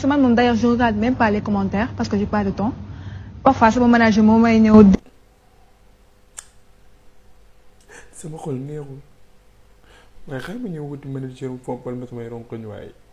su man moom d'ailleurs je regarde même pas les commentaires parce que j'ai pas de temps parfois sama manager moo may ñëw. sama xol neexul waaye xëy ma ñëw wuti manager fompal ma samay ronkoñ waaye.